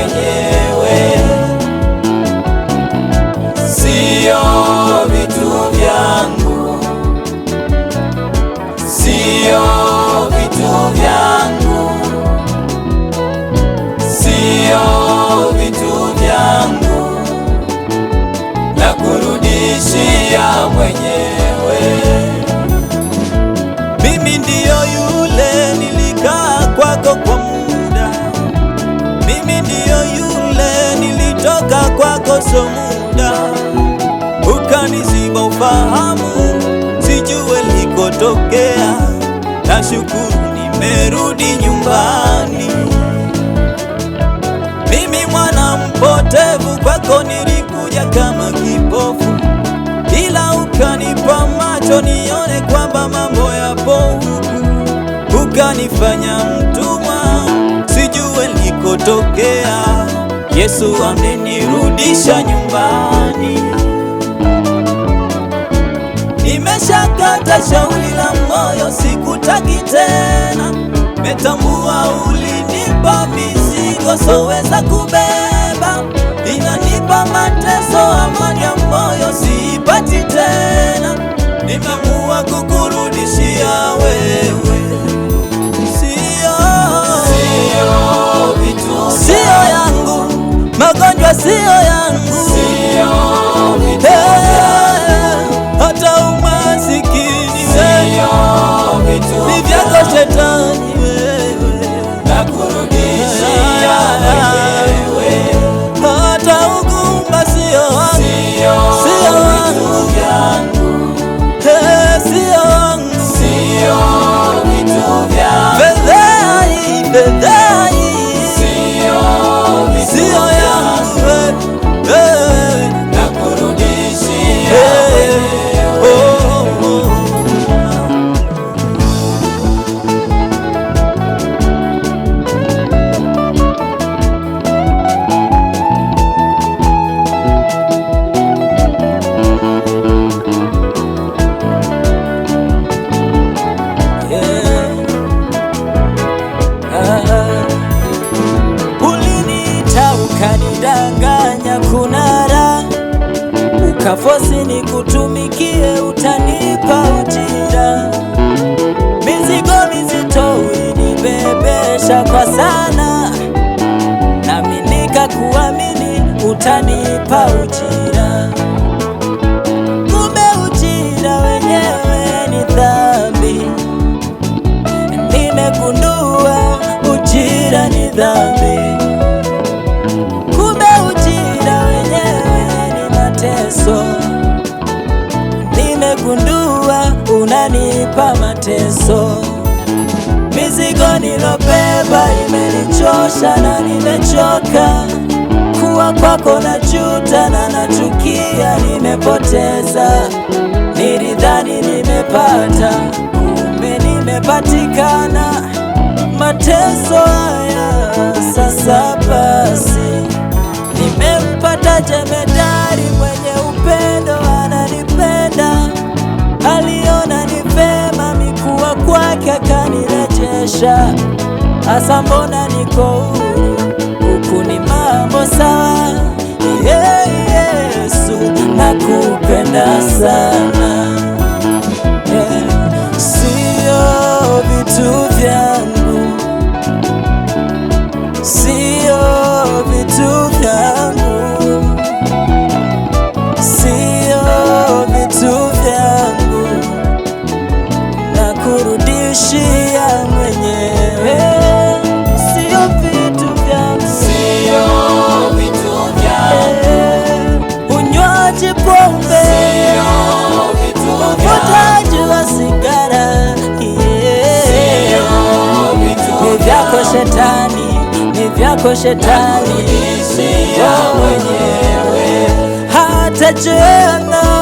mwenyewe, sio vitu vyangu, siyo vitu vyangu, siyo vitu vyangu na unazo muda, ukaniziba ufahamu, sijue likotokea. Nashukuru nimerudi nyumbani. Mimi mwana mpotevu, kwako nilikuja kama kipofu, ila ukanipa macho nione kwamba mambo yapo huku, ukanifanya mtumwa, sijue likotokea Yesu amenirudisha nyumbani, nimeshakata shauri la moyo, sikutaki tena. Metambua ulinipa mizigo soweza kubeba, inanipa mateso ama the, the ukanidanganya kunara, ukafosi nikutumikie, utanipa ujira, mizigo mizito ulinibebesha kwa sana, naminika kuamini utanipa ujira mateso, nimegundua unanipa mateso. Mizigo nilobeba imenichosha na nimechoka, kuwa kwako najuta na nachukia, nimepoteza. Nilidhani nimepata, kumbe nimepatikana. Mateso haya sasa basi, nimempata jemeda Daktari mwenye upendo ananipenda, aliona ni vema mikuwa kwake akanirejesha. Hasa mbona niko huru, huku ni mambo sawa. Yesu, nakupenda sana. kwako Shetani, hata jana